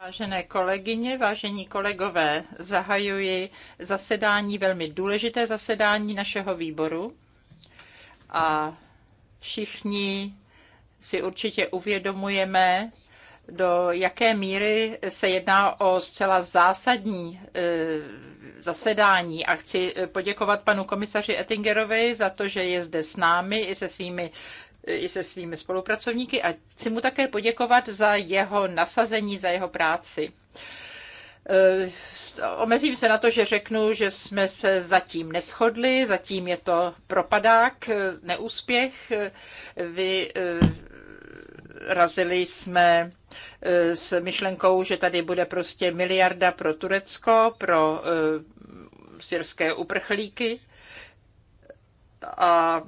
Vážené kolegyně, vážení kolegové, zahajuji zasedání, velmi důležité zasedání našeho výboru a všichni si určitě uvědomujeme, do jaké míry se jedná o zcela zásadní e, zasedání a chci poděkovat panu komisaři Ettingerovi za to, že je zde s námi i se svými i se svými spolupracovníky a chci mu také poděkovat za jeho nasazení, za jeho práci. E, omezím se na to, že řeknu, že jsme se zatím neschodli, zatím je to propadák, e, neúspěch. E, vy razili jsme s myšlenkou, že tady bude prostě miliarda pro Turecko, pro syrské uprchlíky a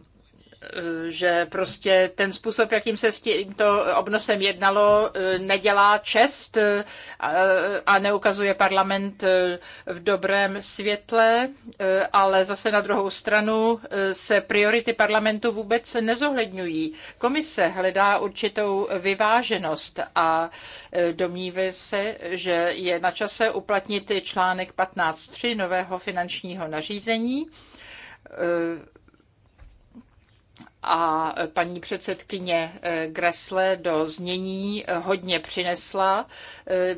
že prostě ten způsob, jakým se s tímto obnosem jednalo, eh, nedělá čest eh, a neukazuje parlament eh, v dobrém světle, ale zase na druhou stranu se priority parlamentu vůbec nezohledňují. Komise hledá určitou vyváženost a domnívá se, že je na čase uplatnit článek 15.3 nového finančního nařízení, a e, paní předsedkyně e, Gressle do znění e, hodně přinesla.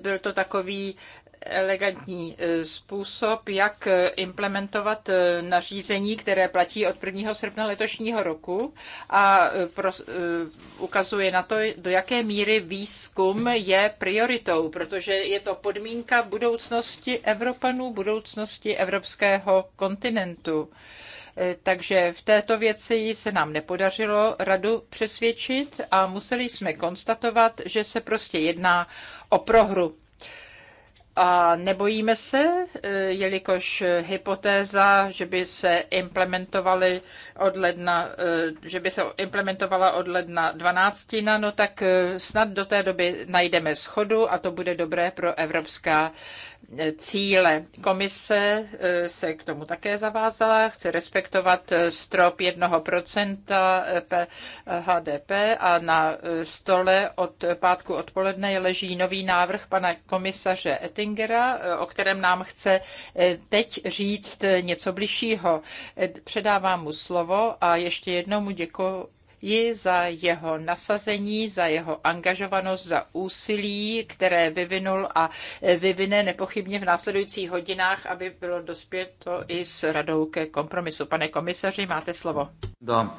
Byl to takový elegantní způsob, jak implementovat nařízení, které platí od 1. srpna letošního roku a ukazuje na to, do jaké míry výzkum je prioritou, protože je to podmínka budoucnosti Evropanů, budoucnosti evropského kontinentu. Eh, takže v této věci se nám nepodařilo radu přesvědčit a museli jsme konstatovat, že se prostě jedná o prohru. A nebojíme se, eh, jelikož hypotéza, že by se implementovaly od ledna, eh, že by se implementovala od ledna 12, no, no tak eh, snad do té doby najdeme schodu a to bude dobré pro evropská eh, cíle. Komise se k tomu také zavázala, chce respektovat strop 1% HDP a na stole od pátku odpoledne leží nový návrh pana komisaře Ettingera, o kterém nám chce teď říct něco bližšího. Předávám mu slovo slovo a ještě jednou mu děkuji za jeho nasazení, za jeho angažovanost, za úsilí, které vyvinul a vyvine nepochybně v následujících hodinách, aby bylo dospěto i s radou ke kompromisu. Pane komisaři, máte slovo. Da.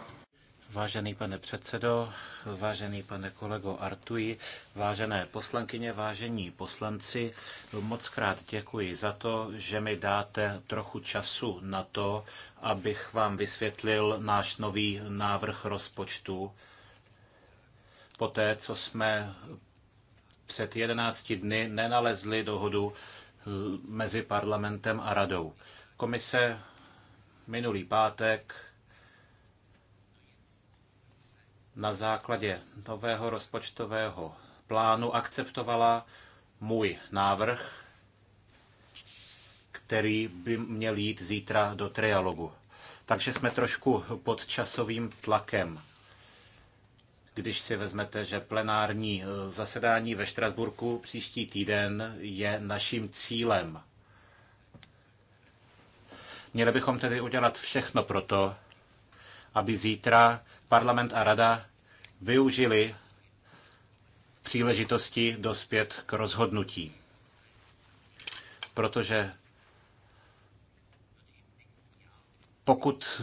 Vážený pane předsedo, vážený pane kolego Artuji, vážené poslankyně, vážení poslanci, moc krát děkuji za to, že mi dáte trochu času na to, abych vám vysvětlil náš nový návrh rozpočtu. Poté, co jsme před 11 dny nenalezli dohodu eh, mezi parlamentem a radou. Komise minulý pátek na základě nového rozpočtového plánu akceptovala můj návrh, který by měl jít zítra do trialogu. Takže jsme trošku pod časovým tlakem. Když si vezmete, že plenární eh, zasedání ve Štrasburku příští týden je naším cílem. Měli bychom tedy udělat všechno pro to, aby zítra parlament a rada využili příležitosti dospět k rozhodnutí. Protože pokud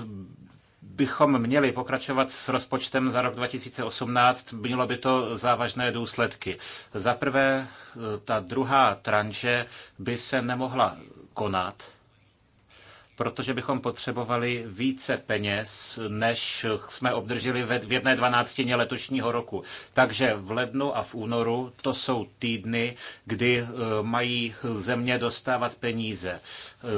bychom měli pokračovat s rozpočtem za rok 2018, mělo by to závažné důsledky. Za prvé, ta druhá tranše by se nemohla konat, protože bychom potřebovali více peněz, než jsme obdrželi v jedné dvanáctině letošního roku. Takže v lednu a v únoru to jsou týdny, kdy eh, mají země dostávat peníze. Eh,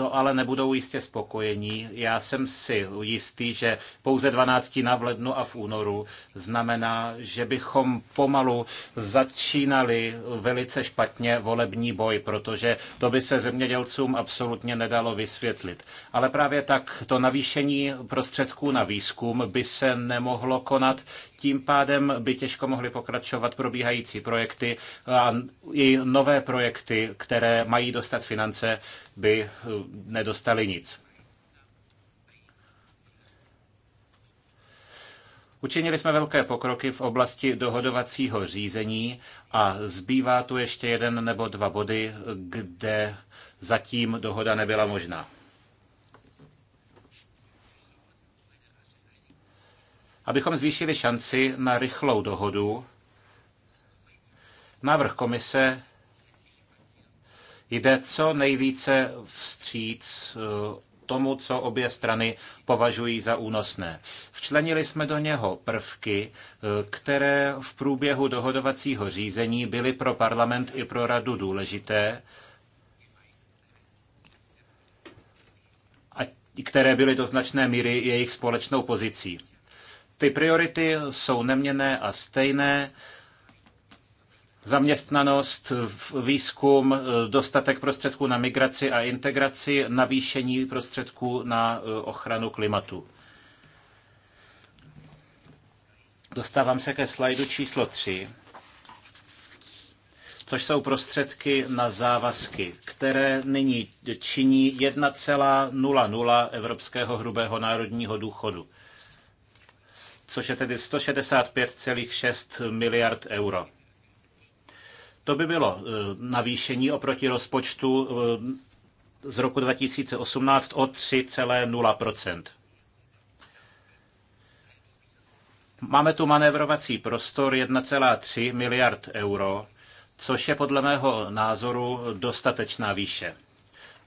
to ale nebudou jistě spokojení. Já jsem si jistý, že pouze 12 na v lednu a v únoru znamená, že bychom pomalu začínali velice špatně volební boj, protože to by se zemědělcům absolutně nedalo vysvětlit. Ale právě tak to navýšení prostředků na výzkum by se nemohlo konat, tím pádem by těžko mohly pokračovat probíhající projekty a i nové projekty, které mají dostat finance, by eh, nedostaly nic. Učinili jsme velké pokroky v oblasti dohodovacího řízení a zbývá tu ještě jeden nebo dva body, kde zatím dohoda nebyla možná. Abychom zvýšili šanci na rychlou dohodu, návrh komise jde co nejvíce vstříc eh, tomu, co obě strany považují za únosné. Včlenili jsme do něho prvky, eh, které v průběhu dohodovacího řízení byly pro parlament i pro radu důležité a které byly do značné míry jejich společnou pozicí. Ty priority jsou neměné a stejné. Zaměstnanost, výzkum, e, dostatek prostředků na migraci a integraci, navýšení prostředků na e, ochranu klimatu. Dostávám se ke slajdu číslo 3, což jsou prostředky na závazky, které nyní činí 1,00 evropského hrubého národního důchodu což je tedy 165,6 miliard euro. To by bylo e, navýšení oproti rozpočtu e, z roku 2018 o 3,0 Máme tu manévrovací prostor 1,3 miliard euro, což je podle mého názoru dostatečná výše.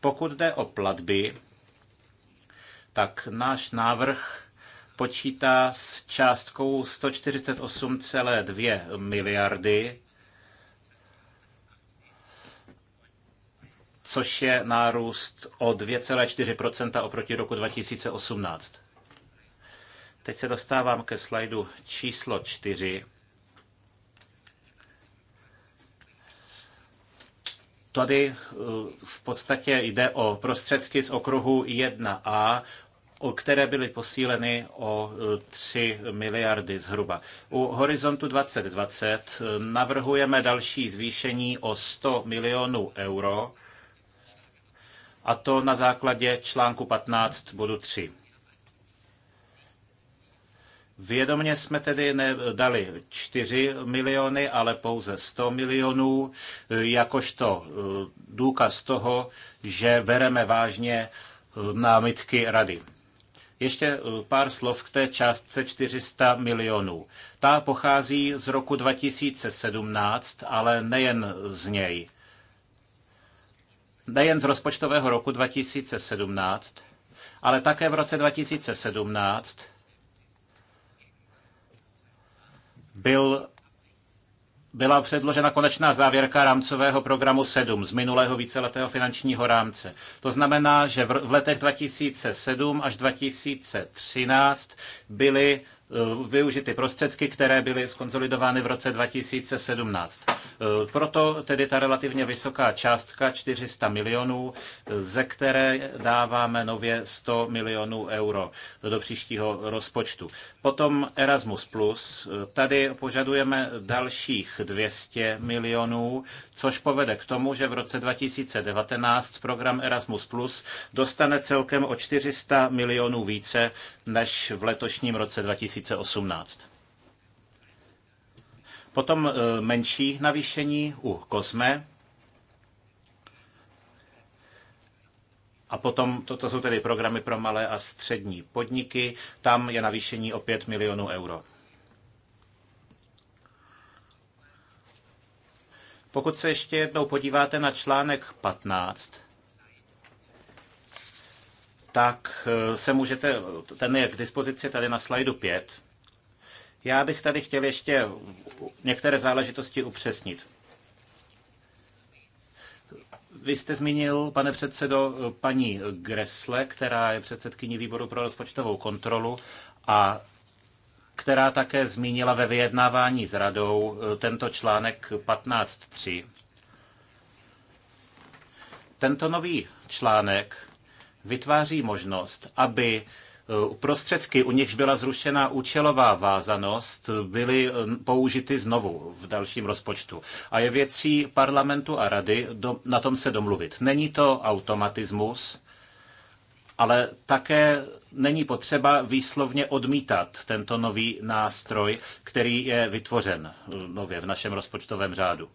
Pokud jde o platby, tak náš návrh počítá s částkou 148,2 miliardy, což je nárůst o 2,4 oproti roku 2018. Teď se dostávám ke slajdu číslo 4. Tady eh, v podstatě jde o prostředky z okruhu 1a které byly posíleny o 3 e, miliardy zhruba. U Horizontu 2020 e, navrhujeme další zvýšení o 100 milionů euro, a to na základě článku 15 bodu 3. Vědomně jsme tedy nedali 4 miliony, ale pouze 100 milionů, e, jakožto důkaz toho, že bereme vážně námitky rady. Ještě eh, pár slov k té částce 400 milionů. Ta pochází z roku 2017, ale nejen z něj. Nejen z rozpočtového roku 2017, ale také v roce 2017 byl byla předložena konečná závěrka rámcového programu 7 z minulého víceletého finančního rámce. To znamená, že v letech 2007 až 2013 byly Eh, využity prostředky, které byly skonsolidovány v roce 2017. Eh, proto tedy ta relativně vysoká částka 400 milionů, eh, ze které dáváme nově 100 milionů euro do příštího rozpočtu. Potom Erasmus+, Plus. tady požadujeme dalších 200 milionů, což povede k tomu, že v roce 2019 program Erasmus Plus dostane celkem o 400 milionů více, než v letošním roce 2018. Potom e, menší navýšení u Kosme. A potom, toto jsou tedy programy pro malé a střední podniky, tam je navýšení o 5 milionů euro. Pokud se ještě jednou podíváte na článek 15, tak eh, se můžete, ten je k dispozici tady na slajdu 5. Já bych tady chtěl ještě některé záležitosti upřesnit. Vy jste zmínil, pane předsedo, paní Gresle, která je předsedkyní výboru pro rozpočtovou kontrolu a která také zmínila ve vyjednávání s radou eh, tento článek 15.3. Tento nový článek vytváří možnost, aby e, prostředky, u nichž byla zrušena účelová vázanost, byly e, použity znovu v dalším rozpočtu. A je věcí parlamentu a rady do, na tom se domluvit. Není to automatismus, ale také není potřeba výslovně odmítat tento nový nástroj, který je vytvořen e, nově v našem rozpočtovém řádu.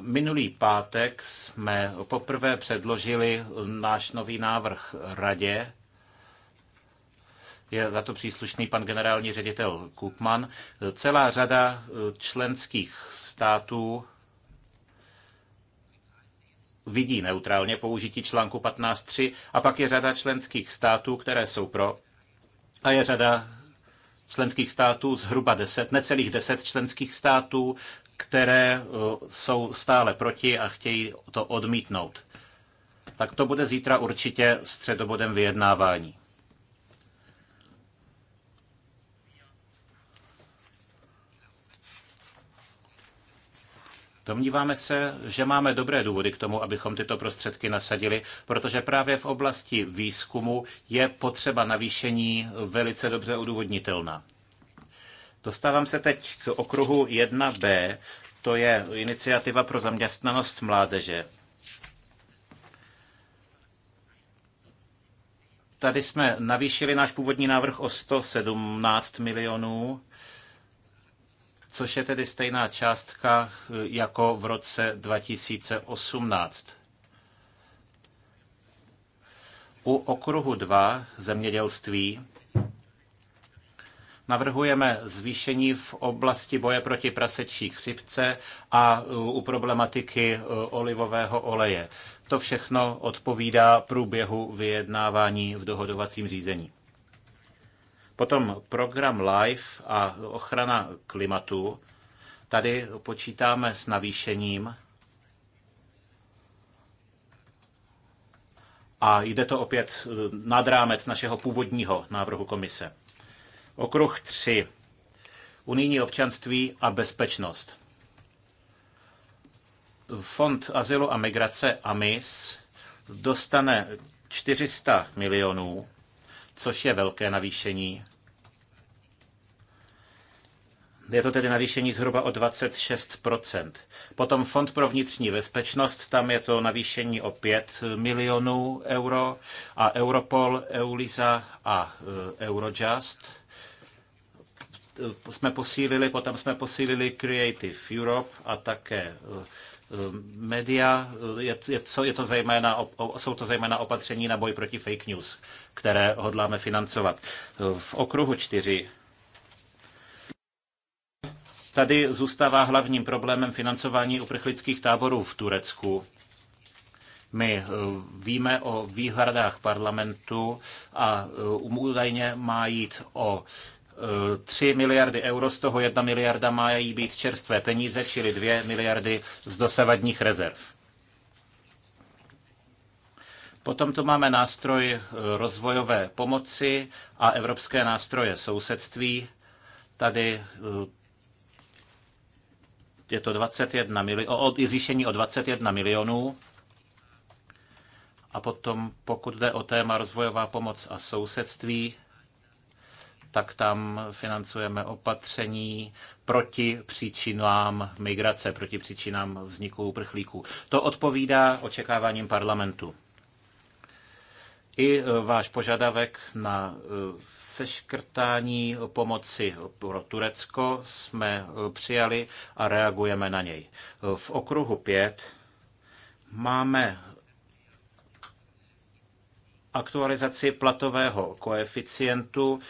Minulý pátek jsme poprvé předložili náš nový návrh radě. Je za to příslušný pan generální ředitel Kupman. Celá řada členských států vidí neutrálně použití článku 15.3 a pak je řada členských států, které jsou pro a je řada členských států, zhruba 10, necelých 10 členských států, které eh, jsou stále proti a chtějí to odmítnout. Tak to bude zítra určitě středobodem vyjednávání. Domníváme se, že máme dobré důvody k tomu, abychom tyto prostředky nasadili, protože právě v oblasti výzkumu je potřeba navýšení velice dobře odůvodnitelná. Dostávám se teď k okruhu 1b, to je iniciativa pro zaměstnanost mládeže. Tady jsme navýšili náš původní návrh o 117 milionů, což je tedy stejná částka eh, jako v roce 2018. U okruhu 2 zemědělství Navrhujeme zvýšení v oblasti boje proti prasečí chřipce a u problematiky e, olivového oleje. To všechno odpovídá průběhu vyjednávání v dohodovacím řízení. Potom program LIFE a ochrana klimatu. Tady počítáme s navýšením a jde to opět e, nad rámec našeho původního návrhu komise. Okruh 3. Unijní občanství a bezpečnost. Fond azylu a migrace AMIS dostane 400 milionů, což je velké navýšení. Je to tedy navýšení zhruba o 26 Potom Fond pro vnitřní bezpečnost, tam je to navýšení o 5 milionů euro a Europol, Eulisa a e, Eurojust jsme posílili, potom jsme posílili Creative Europe a také eh, eh, média, je, je, je to zejména, jsou to zejména opatření na boj proti fake news, které hodláme financovat. Eh, v okruhu čtyři Tady zůstává hlavním problémem financování uprchlických táborů v Turecku. My víme o výhradách parlamentu a údajně má jít o 3 eh, miliardy euro, z toho 1 miliarda mají být čerstvé peníze, čili 2 miliardy z dosavadních rezerv. Potom tu máme nástroj eh, rozvojové pomoci a evropské nástroje sousedství. Tady eh, je to 21 milionů, zvýšení o 21 milionů. A potom, pokud jde o téma rozvojová pomoc a sousedství, tak tam financujeme opatření proti příčinám migrace, proti příčinám vzniku uprchlíků. To odpovídá očekáváním parlamentu. I e, váš požadavek na e, seškrtání pomoci pro Turecko jsme e, přijali a reagujeme na něj. V okruhu 5 máme aktualizaci platového koeficientu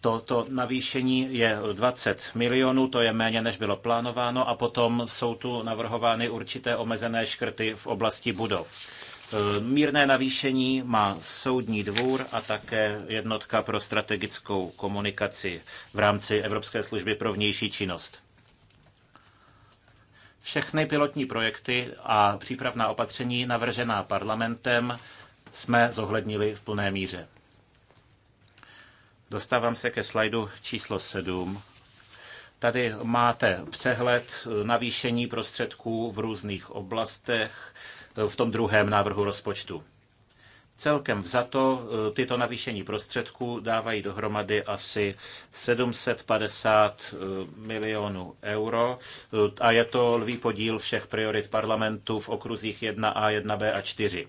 Toto navýšení je 20 milionů, to je méně, než bylo plánováno, a potom jsou tu navrhovány určité omezené škrty v oblasti budov. E, mírné navýšení má soudní dvůr a také jednotka pro strategickou komunikaci v rámci Evropské služby pro vnější činnost. Všechny pilotní projekty a přípravná opatření navržená parlamentem jsme zohlednili v plné míře. Dostávám se ke slajdu číslo 7. Tady máte přehled navýšení prostředků v různých oblastech v tom druhém návrhu rozpočtu. Celkem vzato eh, tyto navýšení prostředků dávají dohromady asi 750 eh, milionů euro eh, a je to lvý podíl všech priorit parlamentu v okruzích 1a, 1b a 4.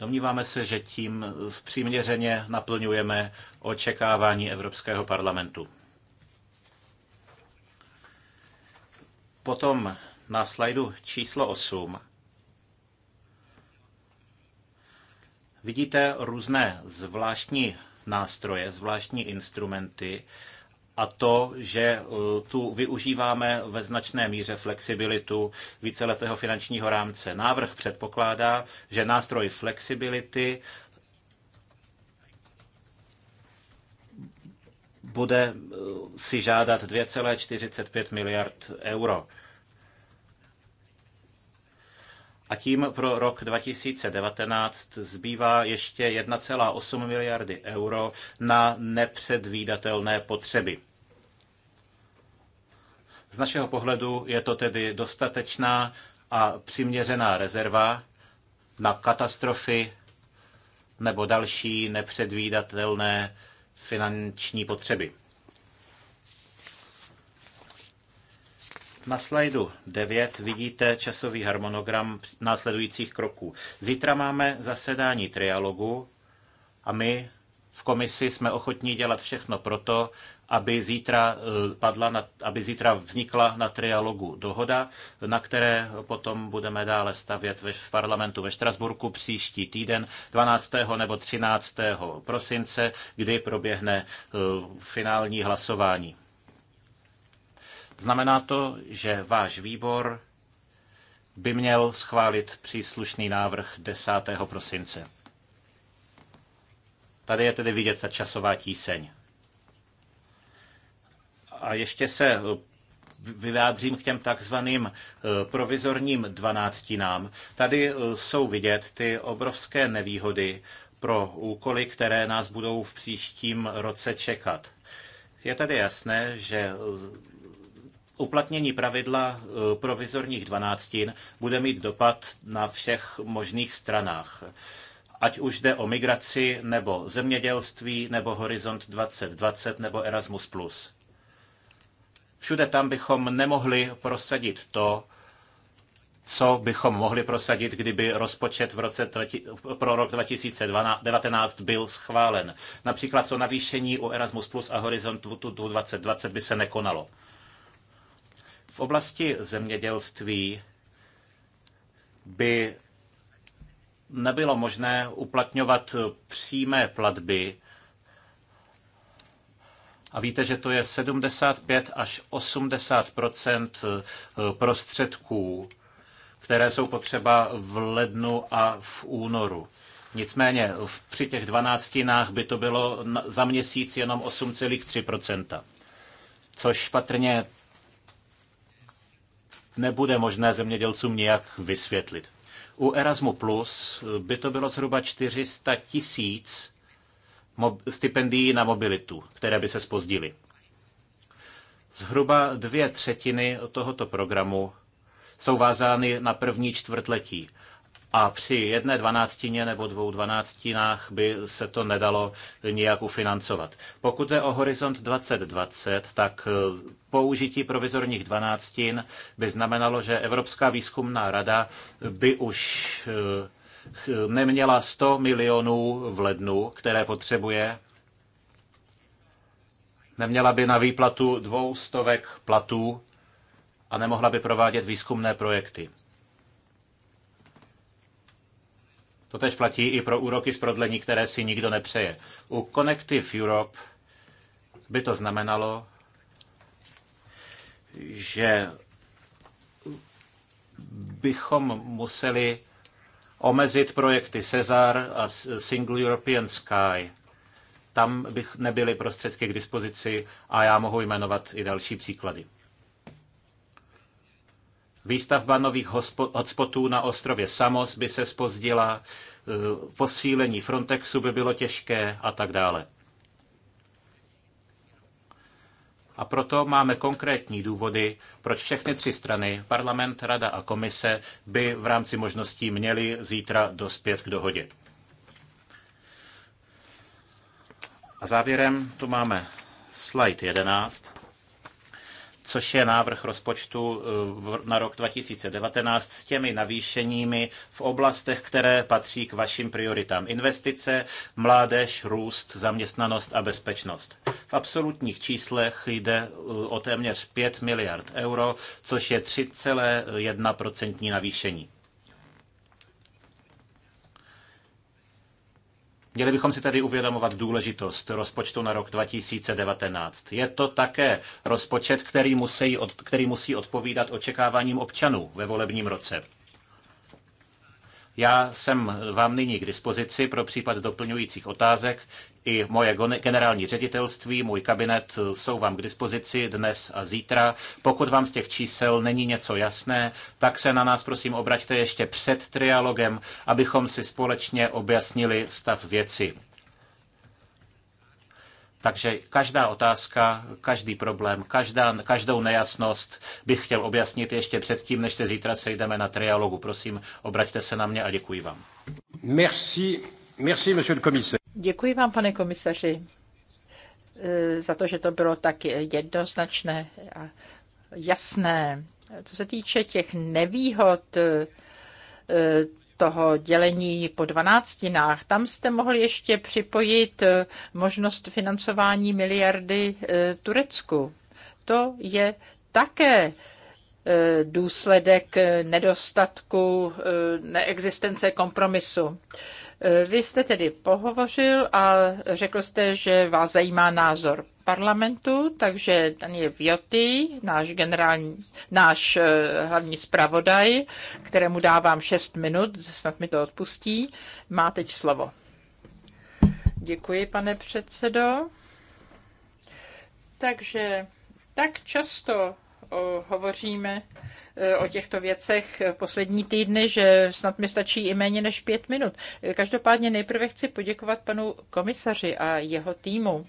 Domníváme se, že tím přiměřeně naplňujeme očekávání Evropského parlamentu. Potom na slajdu číslo 8 vidíte různé zvláštní nástroje, zvláštní instrumenty, a to, že e, tu využíváme ve značné míře flexibilitu víceletého finančního rámce. Návrh předpokládá, že nástroj flexibility bude e, si žádat 2,45 miliard euro. A tím pro rok 2019 zbývá ještě 1,8 miliardy euro na nepředvídatelné potřeby. Z našeho pohledu je to tedy dostatečná a přiměřená rezerva na katastrofy nebo další nepředvídatelné finanční potřeby. Na slajdu 9 vidíte časový harmonogram následujících kroků. Zítra máme zasedání trialogu a my v komisi jsme ochotní dělat všechno proto, aby zítra, eh, padla na, aby zítra vznikla na trialogu dohoda, na které potom budeme dále stavět ve, v parlamentu ve Štrasburku příští týden 12. nebo 13. prosince, kdy proběhne eh, finální hlasování. Znamená to, že váš výbor by měl schválit příslušný návrh 10. prosince. Tady je tedy vidět ta časová tíseň. A ještě se eh, vyjádřím k těm takzvaným eh, provizorním dvanáctinám. Tady eh, jsou vidět ty obrovské nevýhody pro úkoly, které nás budou v příštím roce čekat. Je tady jasné, že uplatnění pravidla provizorních dvanáctin bude mít dopad na všech možných stranách ať už jde o migraci, nebo zemědělství, nebo Horizont 2020, nebo Erasmus+. Všude tam bychom nemohli prosadit to, co bychom mohli prosadit, kdyby rozpočet v roce, pro rok 2019 byl schválen. Například to navýšení u Erasmus Plus a Horizontu 2020 by se nekonalo. V oblasti zemědělství by nebylo možné uplatňovat přímé platby, a víte, že to je 75 až 80 eh, prostředků, které jsou potřeba v lednu a v únoru. Nicméně v, při těch dvanáctinách by to bylo na, za měsíc jenom 8,3 což patrně nebude možné zemědělcům nějak vysvětlit. U Erasmu Plus eh, by to bylo zhruba 400 tisíc stipendií na mobilitu, které by se spozdily. Zhruba dvě třetiny tohoto programu jsou vázány na první čtvrtletí. A při jedné dvanáctině nebo dvou dvanáctinách by se to nedalo nijak ufinancovat. Pokud je o horizont 2020, tak eh, použití provizorních dvanáctin by znamenalo, že Evropská výzkumná rada by už eh, neměla 100 milionů v lednu, které potřebuje, neměla by na výplatu dvou stovek platů a nemohla by provádět výzkumné projekty. To tež platí i pro úroky z prodlení, které si nikdo nepřeje. U Connective Europe by to znamenalo, že bychom museli omezit projekty Cezar a Single European Sky. Tam bych nebyly prostředky k dispozici a já mohu jmenovat i další příklady. Výstavba nových hotspotů na ostrově Samos by se spozdila, eh, posílení Frontexu by bylo těžké a tak dále. A proto máme konkrétní důvody, proč všechny tři strany, parlament, rada a komise, by v rámci možností měly zítra dospět k dohodě. A závěrem tu máme slide 11 což je návrh rozpočtu eh, na rok 2019 s těmi navýšeními v oblastech, které patří k vašim prioritám. Investice, mládež, růst, zaměstnanost a bezpečnost. V absolutních číslech jde eh, o téměř 5 miliard euro, což je 3,1% navýšení. Měli bychom si tedy uvědomovat důležitost rozpočtu na rok 2019. Je to také rozpočet, který musí, který musí odpovídat očekáváním občanů ve volebním roce. Já jsem vám nyní k dispozici pro případ doplňujících otázek i moje generální ředitelství, můj kabinet jsou vám k dispozici dnes a zítra. Pokud vám z těch čísel není něco jasné, tak se na nás prosím obraťte ještě před trialogem, abychom si společně objasnili stav věci. Takže každá otázka, každý problém, každá, každou nejasnost bych chtěl objasnit ještě předtím, než se zítra sejdeme na trialogu. Prosím, obraťte se na mě a děkuji vám. Merci, merci, monsieur le commissaire. Děkuji vám, pane komisaři, eh, za to, že to bylo tak jednoznačné a jasné. Co se týče těch nevýhod eh, toho dělení po dvanáctinách, tam jste mohli ještě připojit eh, možnost financování miliardy Turecku. To je také důsledek nedostatku neexistence kompromisu. Vy jste tedy pohovořil a řekl jste, že vás zajímá názor parlamentu, takže ten je Vioty, náš generální, náš eh, hlavní zpravodaj, kterému dávám 6 minut, snad mi to odpustí, má teď slovo. Děkuji, pane předsedo. Takže tak často hovoříme e, o těchto věcech poslední týdny, že snad mi stačí i méně než pět minut. Každopádně nejprve chci poděkovat panu komisaři a jeho týmu,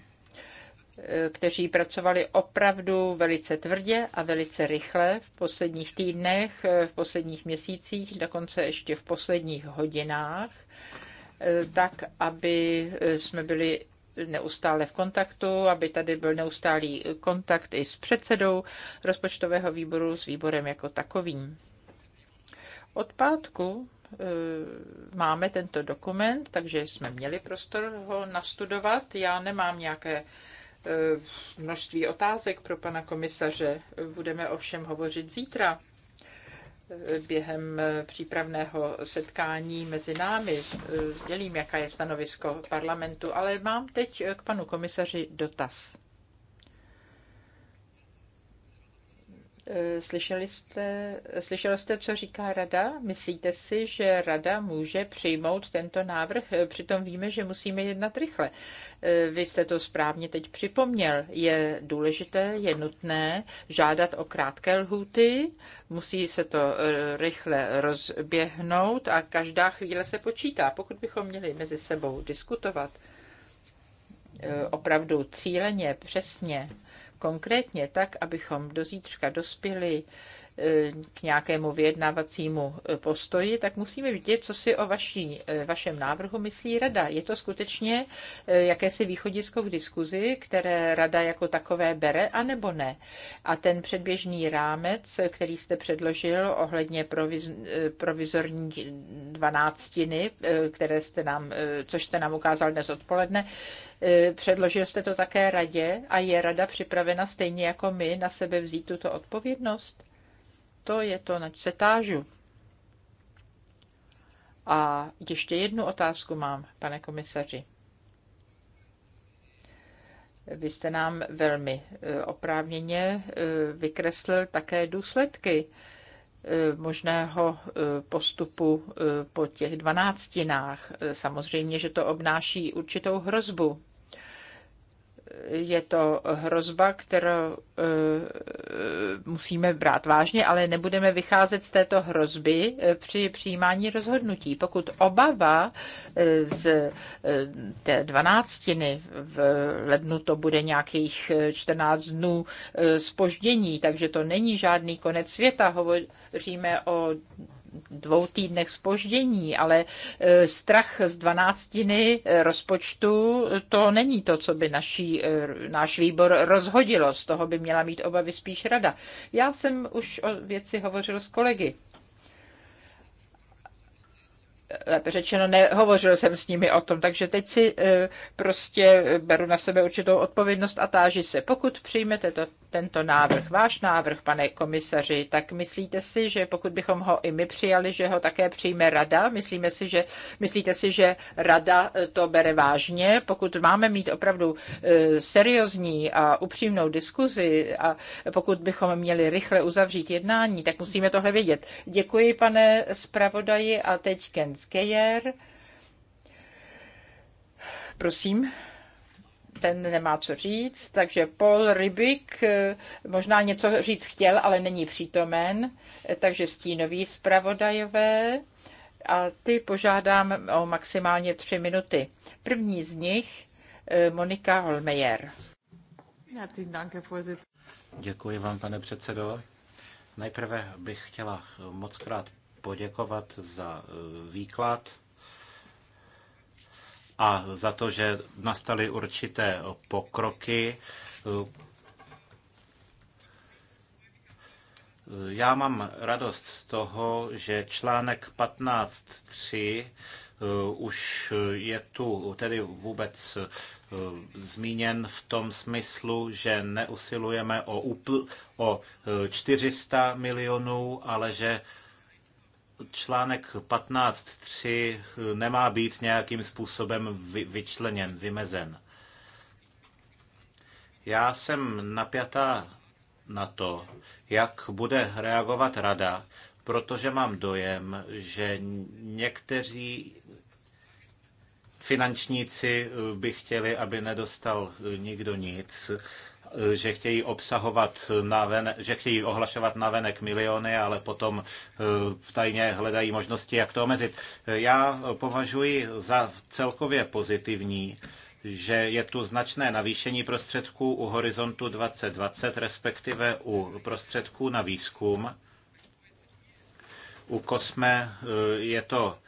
e, kteří pracovali opravdu velice tvrdě a velice rychle v posledních týdnech, e, v posledních měsících, dokonce ještě v posledních hodinách tak, aby jsme byli neustále v kontaktu, aby tady byl neustálý kontakt i s předsedou rozpočtového výboru, s výborem jako takovým. Od pátku eh, máme tento dokument, takže jsme měli prostor ho nastudovat. Já nemám nějaké eh, množství otázek pro pana komisaře. Budeme ovšem hovořit zítra během eh, přípravného setkání mezi námi. Eh, Dělím, jaká je stanovisko parlamentu, ale mám teď eh, k panu komisaři dotaz. Eh, slyšeli jste, slyšeli jste, co říká rada? Myslíte si, že rada může přijmout tento návrh? Eh, přitom víme, že musíme jednat rychle. Eh, vy jste to správně teď připomněl. Je důležité, je nutné žádat o krátké lhuty, musí se to rychle rozběhnout a každá chvíle se počítá. Pokud bychom měli mezi sebou diskutovat opravdu cíleně, přesně, konkrétně tak, abychom do zítřka dospěli k nějakému vyjednávacímu postoji, tak musíme vidět, co si o vaší, vašem návrhu myslí rada. Je to skutečně eh, jakési východisko k diskuzi, které rada jako takové bere, anebo ne? A ten předběžný rámec, který jste předložil ohledně proviz, eh, provizorní dvanáctiny, eh, které jste nám, což jste nám ukázal dnes odpoledne, Předložil jste to také radě a je rada připravena stejně jako my na sebe vzít tuto odpovědnost? To je to, nač se tážu. A ještě jednu otázku mám, pane komisaři. Vy jste nám velmi e, oprávněně e, vykreslil také důsledky e, možného postupu po těch dvanáctinách. Samozřejmě, že to obnáší určitou hrozbu je to hrozba, kterou eh, musíme brát vážně, ale nebudeme vycházet z této hrozby eh, při přijímání rozhodnutí. Pokud obava eh, z té dvanáctiny v lednu to bude nějakých 14 dnů spoždění, takže to není žádný konec světa, hovoříme o dvou týdnech spoždění, ale e, strach z dvanáctiny e, rozpočtu, to není to, co by naší, e, náš výbor rozhodilo. Z toho by měla mít obavy spíš rada. Já jsem už o věci hovořil s kolegy lépe řečeno, nehovořil jsem s nimi o tom, takže teď si prostě beru na sebe určitou odpovědnost a táži se. Pokud přijmete to, tento návrh, váš návrh, pane komisaři, tak myslíte si, že pokud bychom ho i my přijali, že ho také přijme rada? Myslíme si, že, myslíte si, že rada eh, to bere vážně? Pokud máme mít opravdu eh, seriózní a upřímnou diskuzi a pokud bychom měli rychle uzavřít jednání, tak musíme tohle vědět. Děkuji, pane zpravodaji, a teď Ken Skejer. Prosím ten nemá co říct, takže Paul Rybik eh, možná něco říct chtěl, ale není přítomen, eh, takže stínoví zpravodajové a ty požádám o maximálně tři minuty. První z nich eh, Monika Holmejer. Děkuji vám, pane předsedo. Nejprve bych chtěla moc krát poděkovat za výklad a za to, že nastaly určité pokroky. Já mám radost z toho, že článek 15.3 eh, už je tu tedy vůbec eh, zmíněn v tom smyslu, že neusilujeme o, úpl, o 400 eh, milionů, ale že článek 15.3 nemá být nějakým způsobem vy, vyčleněn, vymezen. Já jsem napjatá na to, jak bude reagovat rada, protože mám dojem, že někteří finančníci by chtěli, aby nedostal nikdo nic, že chtějí obsahovat naven, že chtějí ohlašovat navenek miliony, ale potom eh, tajně hledají možnosti, jak to omezit. Já považuji za celkově pozitivní, že je tu značné navýšení prostředků u horizontu 2020, respektive u prostředků na výzkum. U Kosme eh, je to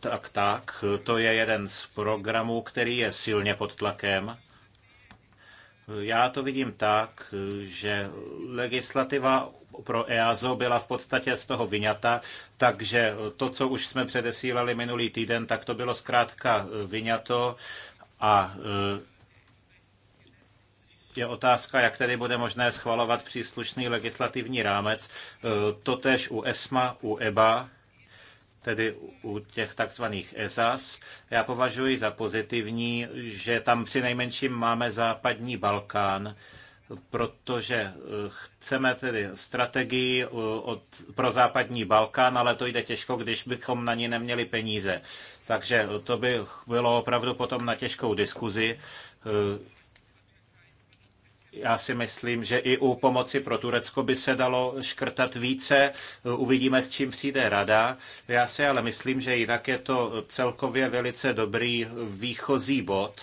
tak, tak, to je jeden z programů, který je silně pod tlakem já to vidím tak, že legislativa pro EASO byla v podstatě z toho vyňata, takže to, co už jsme předesílali minulý týden, tak to bylo zkrátka e, vyňato a e, je otázka, jak tedy bude možné schvalovat příslušný legislativní rámec. E, Totež u ESMA, u EBA, tedy u těch takzvaných ESAS. Já považuji za pozitivní, že tam při nejmenším máme západní Balkán, protože eh, chceme tedy strategii eh, od, pro západní Balkán, ale to jde těžko, když bychom na ní neměli peníze. Takže to by bylo opravdu potom na těžkou diskuzi eh, já si myslím, že i u pomoci pro Turecko by se dalo škrtat více. Uvidíme, s čím přijde rada. Já si ale myslím, že jinak je to celkově velice dobrý výchozí bod,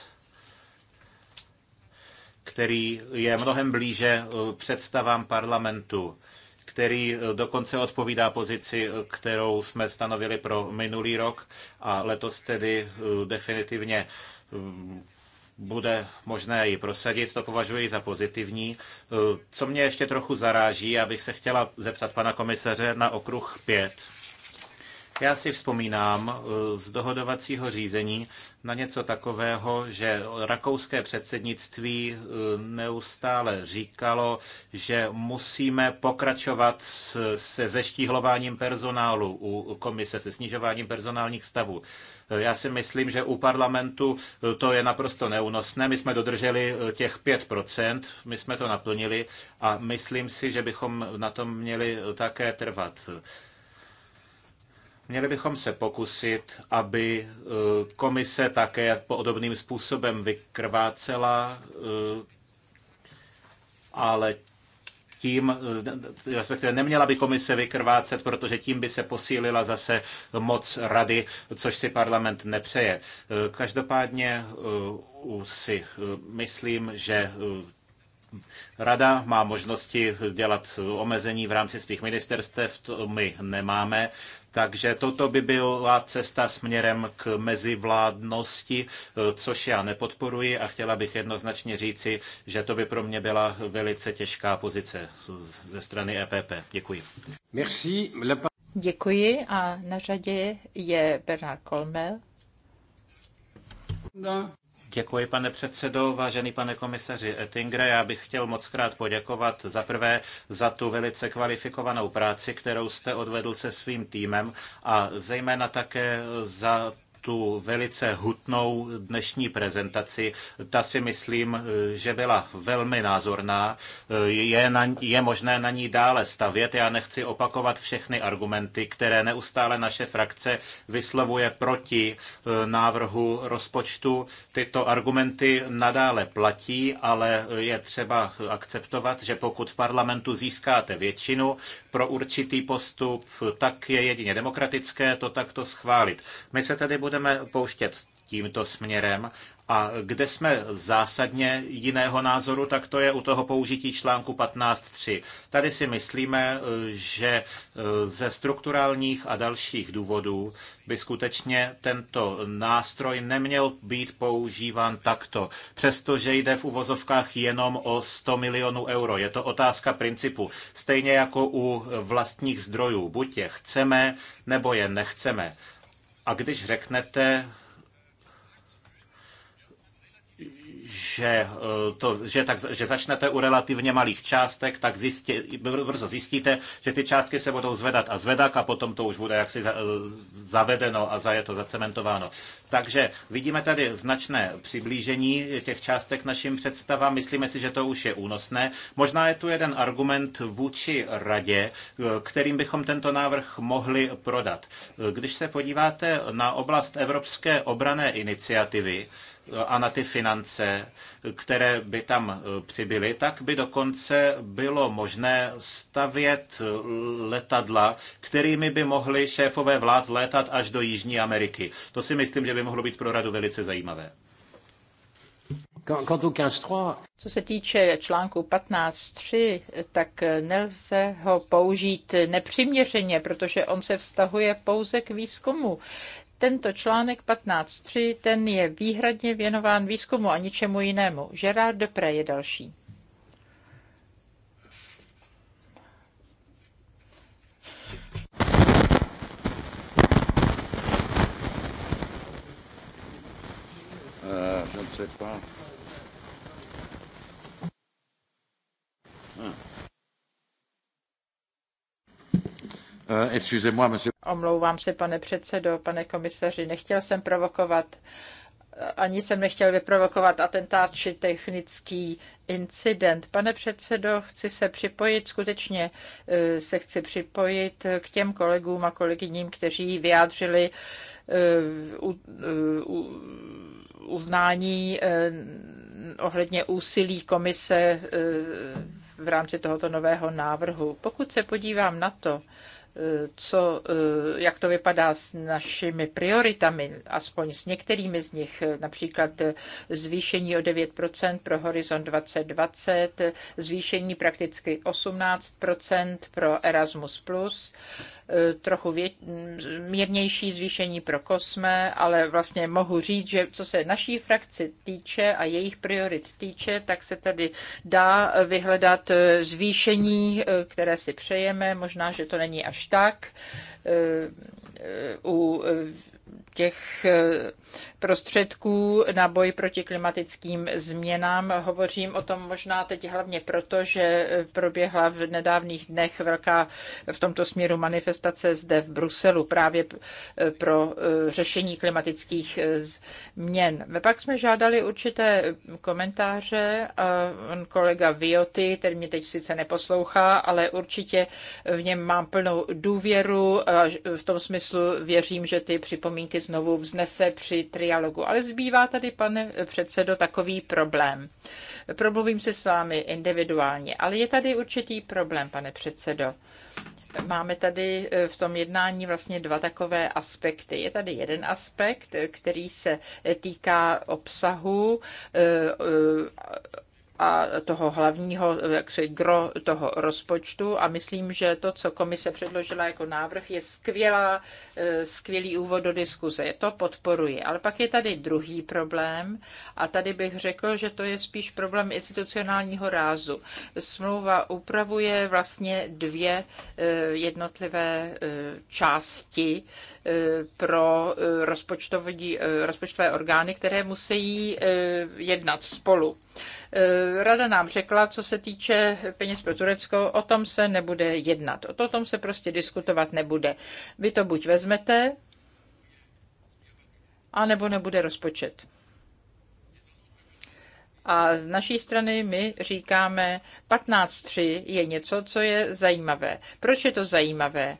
který je mnohem blíže eh, představám parlamentu který eh, dokonce odpovídá pozici, eh, kterou jsme stanovili pro minulý rok a letos tedy definitivně bude možné ji prosadit, to považuji za pozitivní. E, co mě ještě trochu zaráží, abych se chtěla zeptat pana komisaře na okruh 5 já si vzpomínám eh, z dohodovacího řízení na něco takového, že rakouské předsednictví eh, neustále říkalo, že musíme pokračovat se zeštíhlováním personálu u komise, se snižováním personálních stavů. Eh, já si myslím, že u parlamentu to je naprosto neúnosné. My jsme dodrželi těch 5%, my jsme to naplnili a myslím si, že bychom na tom měli také trvat. Měli bychom se pokusit, aby eh, komise také podobným způsobem vykrvácela, eh, ale tím, eh, respektive neměla by komise vykrvácet, protože tím by se posílila zase moc rady, což si parlament nepřeje. Každopádně si myslím, že Rada má možnosti dělat omezení v rámci svých ministerstev, to my nemáme, takže toto by byla cesta směrem k mezivládnosti, eh, což já nepodporuji a chtěla bych jednoznačně říci, že to by pro mě byla velice těžká pozice ze strany EPP. Děkuji. Merci. Děkuji a na řadě je Bernard Kolmel. No. Děkuji, pane předsedo, vážený pane komisaři Ettingre. Já bych chtěl moc krát poděkovat za prvé za tu velice kvalifikovanou práci, kterou jste odvedl se svým týmem a zejména také za tu velice hutnou dnešní prezentaci. Ta si myslím, že byla velmi názorná. Je, na, je možné na ní dále stavět. Já nechci opakovat všechny argumenty, které neustále naše frakce vyslovuje proti eh, návrhu rozpočtu. Tyto argumenty nadále platí, ale je třeba akceptovat, že pokud v parlamentu získáte většinu pro určitý postup, tak je jedině demokratické to takto schválit. My se tedy budeme budeme pouštět tímto směrem. A kde jsme zásadně jiného názoru, tak to je u toho použití článku 15.3. Tady si myslíme, že e, ze strukturálních a dalších důvodů by skutečně tento nástroj neměl být používán takto, přestože jde v uvozovkách jenom o 100 milionů euro. Je to otázka principu, stejně jako u vlastních zdrojů. Buď je chceme, nebo je nechceme. A když řeknete, že, eh, to, že, tak, že začnete u relativně malých částek, tak zjistě, brzo zjistíte, že ty částky se budou zvedat a zvedat a potom to už bude jaksi eh, zavedeno a za je to zacementováno. Takže vidíme tady značné přiblížení těch částek našim představám. Myslíme si, že to už je únosné. Možná je tu jeden argument vůči radě, eh, kterým bychom tento návrh mohli prodat. Když se podíváte na oblast Evropské obrané iniciativy, a na ty finance, které by tam eh, přibyly, tak by dokonce bylo možné stavět eh, letadla, kterými by mohli šéfové vlád létat až do Jižní Ameriky. To si myslím, že by mohlo být pro radu velice zajímavé. Co se týče článku 15.3, tak nelze ho použít nepřiměřeně, protože on se vztahuje pouze k výzkumu tento článek 15.3, ten je výhradně věnován výzkumu a ničemu jinému. Gerard Depré je další. Uh, je ne sais pas. Ah. Eh, Omlouvám se, pane předsedo, pane komisaři, nechtěl jsem provokovat eh, ani jsem nechtěl vyprovokovat atentát či technický incident. Pane předsedo, chci se připojit, skutečně eh, se chci připojit k těm kolegům a kolegyním, kteří vyjádřili uznání ohledně úsilí komise v rámci tohoto nového návrhu. Pokud se podívám na to, Eh, co, eh, jak to vypadá s našimi prioritami, aspoň s některými z nich, eh, například zvýšení o 9% pro Horizon 2020, zvýšení prakticky 18% pro Erasmus+, trochu vě, mírnější zvýšení pro kosme, ale vlastně mohu říct, že co se naší frakci týče a jejich priorit týče, tak se tady dá vyhledat eh, zvýšení, eh, které si přejeme. Možná, že to není až tak. Eh, u těch eh, prostředků na boj proti klimatickým změnám. Hovořím o tom možná teď hlavně proto, že eh, proběhla v nedávných dnech velká v tomto směru manifestace zde v Bruselu právě eh, pro řešení klimatických změn. My pak jsme žádali určité komentáře. Kolega Vioty, který mě teď sice neposlouchá, ale určitě v něm mám plnou důvěru. V tom smyslu věřím, že ty připomínky připomínky znovu vznese při trialogu. Ale zbývá tady, pane předsedo, takový problém. Promluvím se s vámi individuálně, ale je tady určitý problém, pane předsedo. Máme tady e, v tom jednání vlastně dva takové aspekty. Je tady jeden aspekt, který se týká obsahu e, e, a toho hlavního, jaksi gro toho rozpočtu a myslím, že to, co komise předložila jako návrh, je skvělá, eh, skvělý úvod do diskuze. To podporuji. Ale pak je tady druhý problém a tady bych řekl, že to je spíš problém institucionálního rázu. Smlouva upravuje vlastně dvě eh, jednotlivé eh, části pro rozpočtové orgány, které musí jednat spolu. Eh, rada nám řekla, co se týče peněz pro Turecko, o tom se nebude jednat. O tom se prostě diskutovat nebude. Vy to buď vezmete, anebo nebude rozpočet. A z naší strany my říkáme, 15.3 je něco, co je zajímavé. Proč je to zajímavé?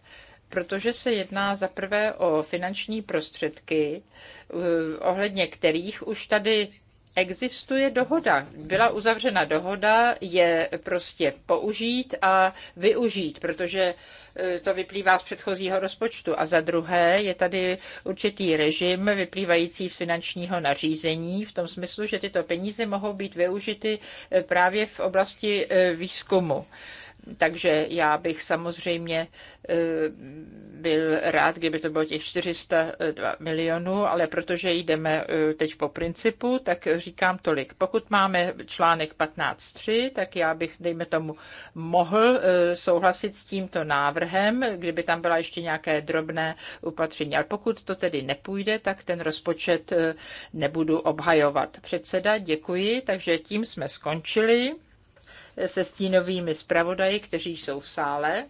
protože se jedná za prvé o finanční prostředky, eh, ohledně kterých už tady existuje dohoda. Byla uzavřena dohoda, je prostě použít a využít, protože e, to vyplývá z předchozího rozpočtu. A za druhé je tady určitý režim vyplývající z finančního nařízení v tom smyslu, že tyto peníze mohou být využity e, právě v oblasti e, výzkumu. Takže já bych samozřejmě eh, byl rád, kdyby to bylo těch 402 milionů, ale protože jdeme eh, teď po principu, tak říkám tolik. Pokud máme článek 15.3, tak já bych, dejme tomu, mohl eh, souhlasit s tímto návrhem, kdyby tam byla ještě nějaké drobné upatření. Ale pokud to tedy nepůjde, tak ten rozpočet nebudu obhajovat. Předseda, děkuji, takže tím jsme skončili se stínovými zpravodaji, kteří jsou v sále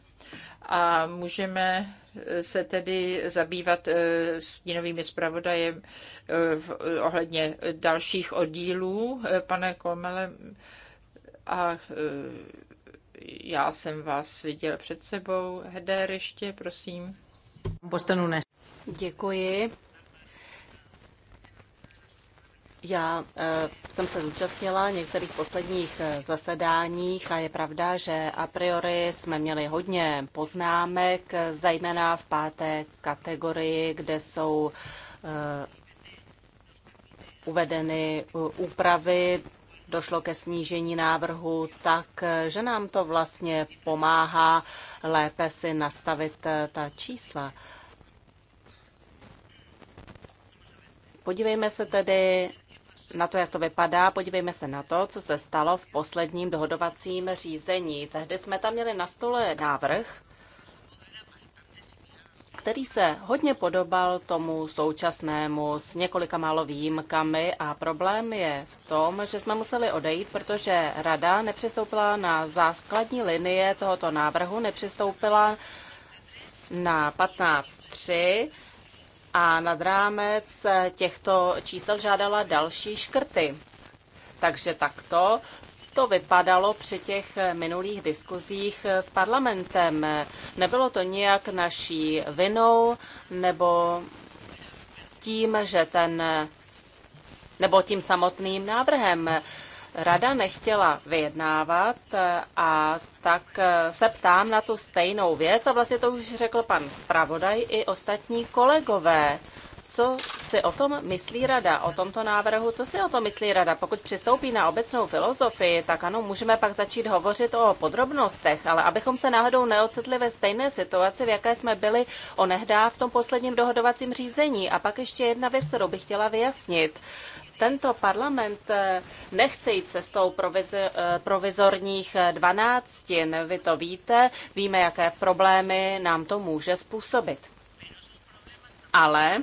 a můžeme eh, se tedy zabývat eh, stínovými zpravodajem eh, ohledně dalších oddílů, pane Komele. A já jsem vás viděl před sebou. Heder ještě, prosím. Děkuji. Já eh, jsem se zúčastnila některých posledních eh, zasedáních a je pravda, že a priori jsme měli hodně poznámek, eh, zejména v páté kategorii, kde jsou uvedeny úpravy. Došlo ke snížení návrhu tak, že nám to vlastně pomáhá lépe si nastavit ta čísla. Podívejme se tedy na to, jak to vypadá, podívejme se na to, co se stalo v posledním dohodovacím řízení. Tehdy jsme tam měli na stole návrh, který se hodně podobal tomu současnému s několika málo výjimkami a problém je v tom, že jsme museli odejít, protože rada nepřistoupila na základní linie tohoto návrhu, nepřistoupila na 15.3 a nad rámec eh, těchto čísel žádala další škrty. Takže takto to vypadalo při těch eh, minulých diskuzích eh, s parlamentem. Nebylo to nijak naší vinou nebo tím, že ten nebo tím samotným návrhem. Rada nechtěla vyjednávat eh, a tak eh, se ptám na tu stejnou věc a vlastně to už řekl pan zpravodaj i ostatní kolegové. Co si o tom myslí rada, o tomto návrhu, co si o tom myslí rada? Pokud přistoupí na obecnou filozofii, tak ano, můžeme pak začít hovořit o podrobnostech, ale abychom se náhodou neocitli ve stejné situaci, v jaké jsme byli onehdá v tom posledním dohodovacím řízení. A pak ještě jedna věc, kterou bych chtěla vyjasnit tento parlament eh, nechce jít cestou eh, provizorních eh, dvanáctin. Vy to víte, víme, jaké problémy nám to může způsobit. Ale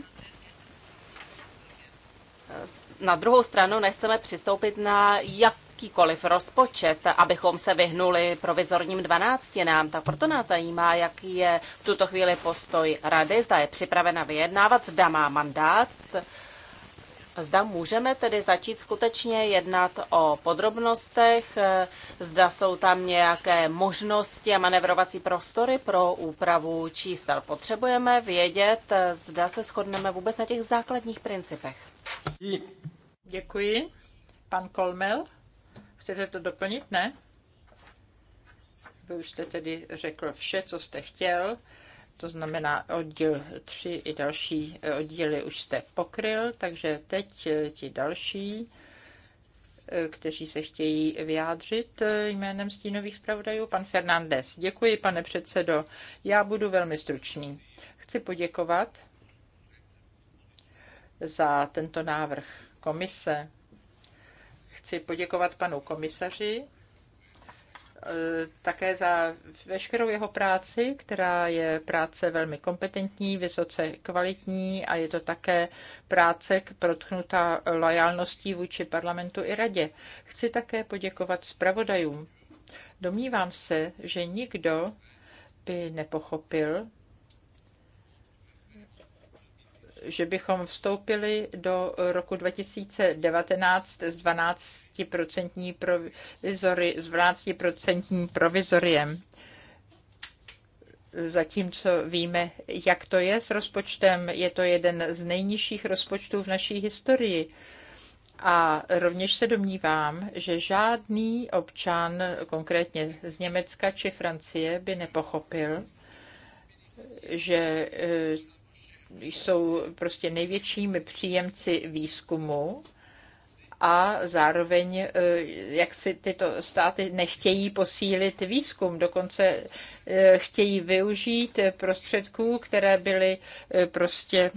na druhou stranu nechceme přistoupit na jak jakýkoliv rozpočet, abychom se vyhnuli provizorním dvanáctinám. Tak proto nás zajímá, jaký je v tuto chvíli postoj rady, zda je připravena vyjednávat, zda má mandát Zda můžeme tedy začít skutečně jednat o podrobnostech, eh, zda jsou tam nějaké možnosti a manevrovací prostory pro úpravu čísel. Potřebujeme vědět, eh, zda se shodneme vůbec na těch základních principech. Děkuji. Pan Kolmel, chcete to doplnit, ne? Vy už jste tedy řekl vše, co jste chtěl to znamená oddíl 3 i další eh, oddíly už jste pokryl, takže teď eh, ti další, eh, kteří se chtějí vyjádřit jménem stínových zpravodajů. Pan Fernández. děkuji, pane předsedo. Já budu velmi stručný. Chci poděkovat za tento návrh komise. Chci poděkovat panu komisaři Eh, také za veškerou jeho práci, která je práce velmi kompetentní, vysoce kvalitní a je to také práce protknutá lojálností vůči parlamentu i radě. Chci také poděkovat zpravodajům. Domnívám se, že nikdo by nepochopil, že bychom vstoupili do roku 2019 s 12% provizory, s 12% provizoriem zatímco víme, jak to je s rozpočtem, je to jeden z nejnižších rozpočtů v naší historii. A rovněž se domnívám, že žádný občan, konkrétně z Německa či Francie, by nepochopil, že eh, jsou prostě největšími příjemci výzkumu a zároveň, eh, jak si tyto státy nechtějí posílit výzkum, dokonce eh, chtějí využít prostředků, které byly eh, prostě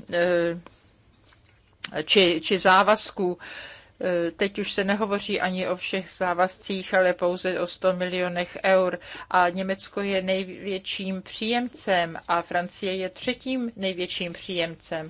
či, či závazků Eh, teď už se nehovoří ani o všech závazcích, ale pouze o 100 milionech eur. A Německo je největším příjemcem a Francie je třetím největším příjemcem.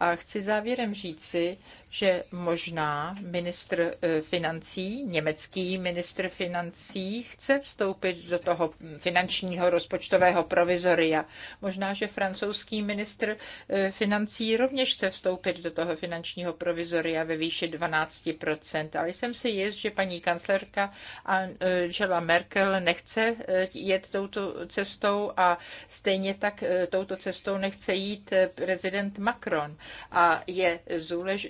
A chci závěrem říci, že možná ministr eh, financí, německý ministr financí, chce vstoupit do toho finančního rozpočtového provizoria. Možná, že francouzský ministr eh, financí rovněž chce vstoupit do toho finančního provizoria ve výši 12%, ale jsem si jist, že paní kanclerka Angela Merkel nechce eh, jet touto cestou a stejně tak touto cestou nechce jít prezident Macron. A je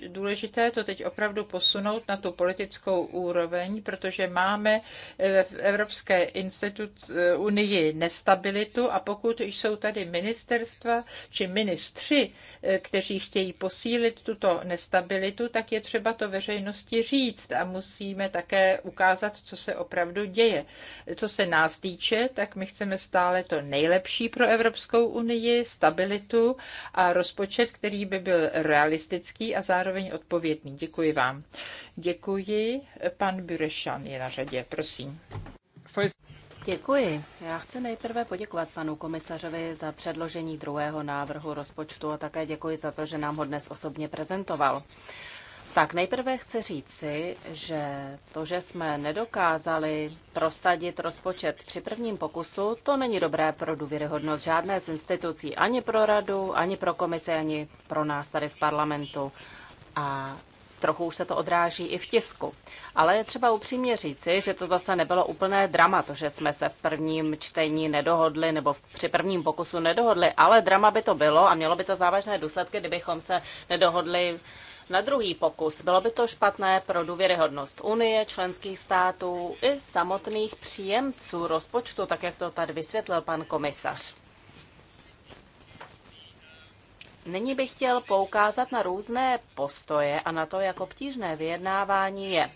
důležité, důležité to teď opravdu posunout na tu politickou úroveň, protože máme eh, v Evropské instituc- eh, unii nestabilitu a pokud jsou tady ministerstva či ministři, eh, kteří chtějí posílit tuto nestabilitu, tak je třeba to veřejnosti říct a musíme také ukázat, co se opravdu děje. Co se nás týče, tak my chceme stále to nejlepší pro Evropskou unii, stabilitu a rozpočet, který by byl realistický a zároveň odpovědný. Děkuji vám. Děkuji. Pan Burešan je na řadě, prosím. Děkuji. Já chci nejprve poděkovat panu komisařovi za předložení druhého návrhu rozpočtu a také děkuji za to, že nám ho dnes osobně prezentoval. Tak nejprve chci říci, že to, že jsme nedokázali prosadit rozpočet při prvním pokusu, to není dobré pro důvěryhodnost žádné z institucí, ani pro radu, ani pro komisi, ani pro nás tady v parlamentu a trochu už se to odráží i v tisku. Ale je třeba upřímně říci, že to zase nebylo úplné drama, to, že jsme se v prvním čtení nedohodli nebo při prvním pokusu nedohodli, ale drama by to bylo a mělo by to závažné důsledky, kdybychom se nedohodli na druhý pokus. Bylo by to špatné pro důvěryhodnost Unie, členských států i samotných příjemců rozpočtu, tak jak to tady vysvětlil pan komisař. Nyní bych chtěl poukázat na různé postoje a na to, jak obtížné vyjednávání je.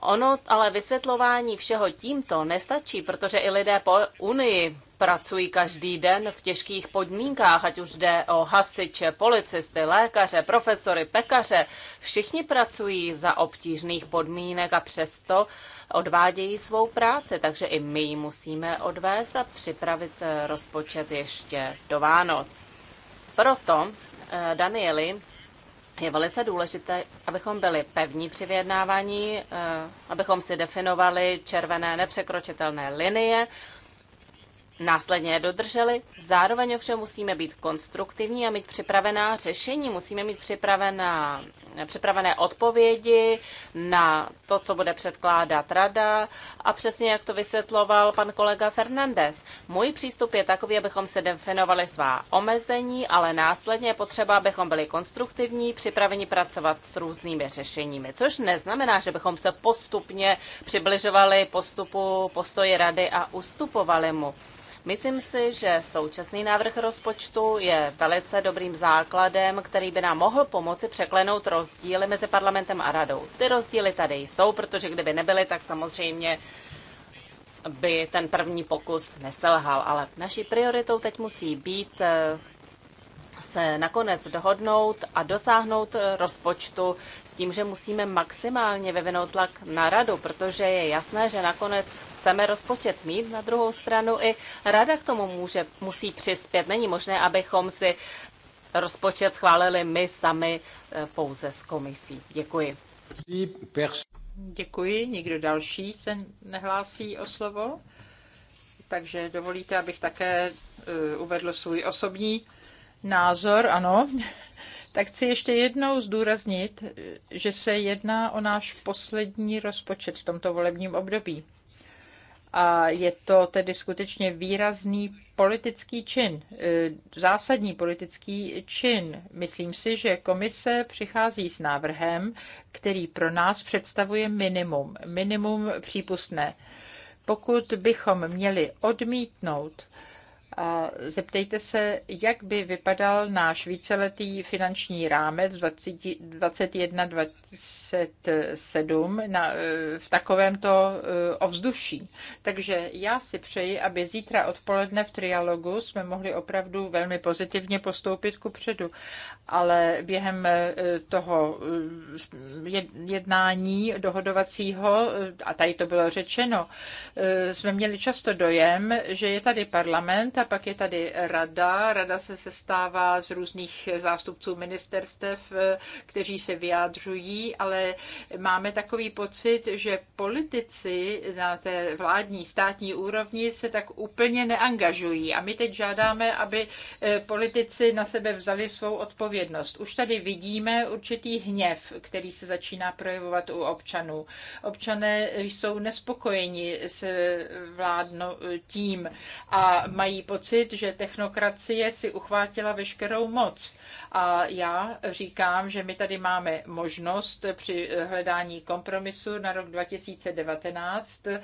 Ono ale vysvětlování všeho tímto nestačí, protože i lidé po Unii pracují každý den v těžkých podmínkách, ať už jde o hasiče, policisty, lékaře, profesory, pekaře. Všichni pracují za obtížných podmínek a přesto odvádějí svou práci, takže i my ji musíme odvést a připravit eh, rozpočet ještě do Vánoc. Proto, eh, Danieli, je velice důležité, abychom byli pevní při vyjednávání, eh, abychom si definovali červené nepřekročitelné linie, následně je dodrželi. Zároveň ovšem musíme být konstruktivní a mít připravená řešení. Musíme mít připravená připravené odpovědi na to, co bude předkládat rada a přesně jak to vysvětloval pan kolega Fernandez. Můj přístup je takový, abychom se definovali svá omezení, ale následně je potřeba, abychom byli konstruktivní, připraveni pracovat s různými řešeními, což neznamená, že bychom se postupně přibližovali postupu postoji rady a ustupovali mu. Myslím si, že současný návrh rozpočtu je velice dobrým základem, který by nám mohl pomoci překlenout rozdíly mezi parlamentem a radou. Ty rozdíly tady jsou, protože kdyby nebyly, tak samozřejmě by ten první pokus neselhal. Ale naší prioritou teď musí být eh, se nakonec dohodnout a dosáhnout eh, rozpočtu s tím, že musíme maximálně vyvinout tlak na radu, protože je jasné, že nakonec chceme rozpočet mít. Na druhou stranu i rada k tomu může, musí přispět. Není možné, abychom si rozpočet schválili my sami e, pouze s komisí. Děkuji. Děkuji. Nikdo další se nehlásí o slovo? takže dovolíte, abych také e, uvedl svůj osobní názor, ano. Tak chci ještě jednou zdůraznit, e, že se jedná o náš poslední rozpočet v tomto volebním období a je to tedy skutečně výrazný politický čin, eh, zásadní politický čin. Myslím si, že komise přichází s návrhem, který pro nás představuje minimum, minimum přípustné. Pokud bychom měli odmítnout a zeptejte se, jak by vypadal náš víceletý finanční rámec 2021-2027 na, e, v takovémto e, ovzduší. Takže já si přeji, aby zítra odpoledne v trialogu jsme mohli opravdu velmi pozitivně postoupit ku předu, ale během e, toho jednání dohodovacího, a tady to bylo řečeno, jsme měli často dojem, že je tady parlament a pak je tady rada. Rada se sestává z různých zástupců ministerstev, eh, kteří se vyjádřují, ale máme takový pocit, že politici na té vládní státní úrovni se tak úplně neangažují. A my teď žádáme, aby eh, politici na sebe vzali svou odpovědnost. Už tady vidíme určitý hněv, který se začíná projevovat u občanů. Občané jsou nespokojeni s vládnou tím a mají pocit, že technokracie si uchvátila veškerou moc. A já říkám, že my tady máme možnost při hledání kompromisu na rok 2019 eh,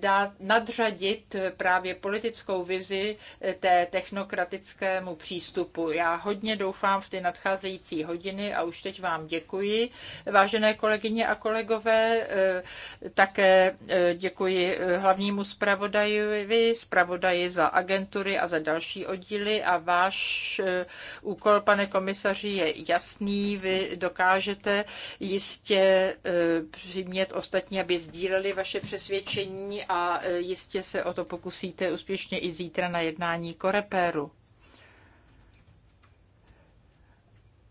dát, nadřadit právě politickou vizi eh, té technokratickému přístupu. Já hodně doufám v ty nadcházející hodiny a už teď vám děkuji. Vážené kolegyně a kolegové, eh, také děkuji hlavnímu zpravodajovi, zpravodaji za agenturu kultury a za další oddíly a váš eh, úkol, pane komisaři, je jasný. Vy dokážete jistě eh, přimět ostatní, aby sdíleli vaše přesvědčení a eh, jistě se o to pokusíte úspěšně i zítra na jednání Korepéru.